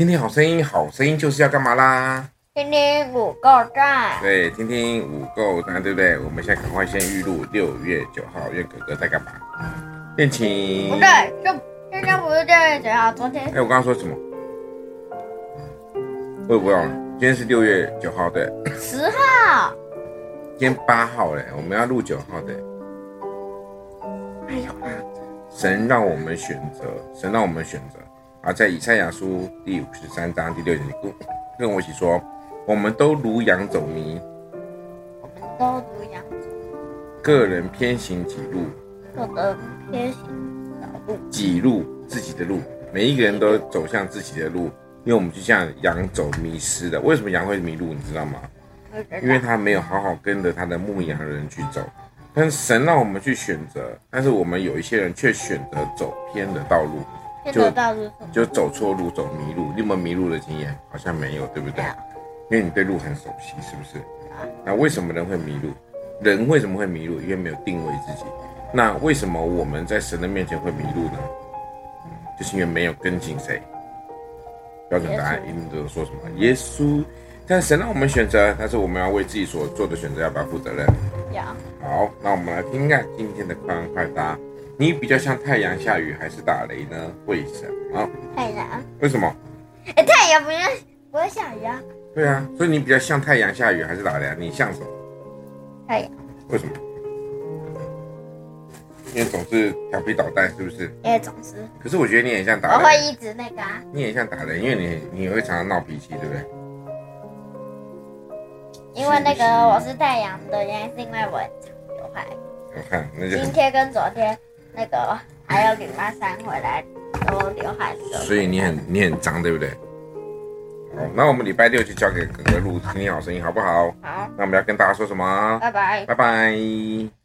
聽聽好聲音，好聲音就是要幹嘛啦？聽聽五夠讚。對，聽聽五夠讚，對不對？我們現在趕快先預錄六月九號，月哥哥在幹嘛？練琴。不對，這今天不是六月九號，昨天。哎、欸，我剛剛說什麼？我不要了，今天是六月九號，對。十號。今天八號嘞，我們要錄九號的。哎呦，神讓我們選擇，神讓我們選擇。啊，在以賽亞書第五十三章第六節，跟跟我一起說，我們都如羊走迷，我們都如羊走迷，個人偏行己路，個人偏行小路，己路自己的路，每一個人都走向自己的路，因為我們就像羊走迷失了。為什麼羊會迷路？你知道嗎？我知道。因為他沒有好好跟着他的牧羊的人去走。但神讓我們去選擇，但是我們有一些人卻選擇走偏的道路。就就走錯路，走迷路，你有沒有迷路的經驗？好像沒有，對不對？Yeah. 因為你對路很熟悉，是不是？Yeah. 那為什麼人會迷路？人為什麼會迷路？因為沒有定位自己。那為什麼我們在神的面前會迷路呢？嗯、就是因為沒有跟緊誰。標準答案，一定都說什麼？Yeah. 耶穌。但神讓我們選擇，但是我們要為自己所做的選擇要不要負責任？Yeah. 好，那我們來聽一下今天的快問快答。你比較像太陽、下雨還是打雷呢？為什麼？太陽。為什麼？哎、欸，太陽不用，不會下雨啊。對啊，所以你比較像太陽、下雨還是打雷？啊？你像什麼？太陽。為什麼？因為總是調皮搗蛋，是不是？因為總是。可是我覺得你很像打雷。我會一直那個、啊。你也像打雷，因為你你會常常鬧脾氣，對不對？因為那個我是太陽的原因，是因為我很常有害。有害，今天跟昨天。那個還要給媽媽翻回來都劉海的，所以你很你很髒，對不對？好、嗯、那我們禮拜六就交給哥哥錄《聽聽好聲音》，好不好？好。那我們要跟大家說什麼？拜拜！拜拜！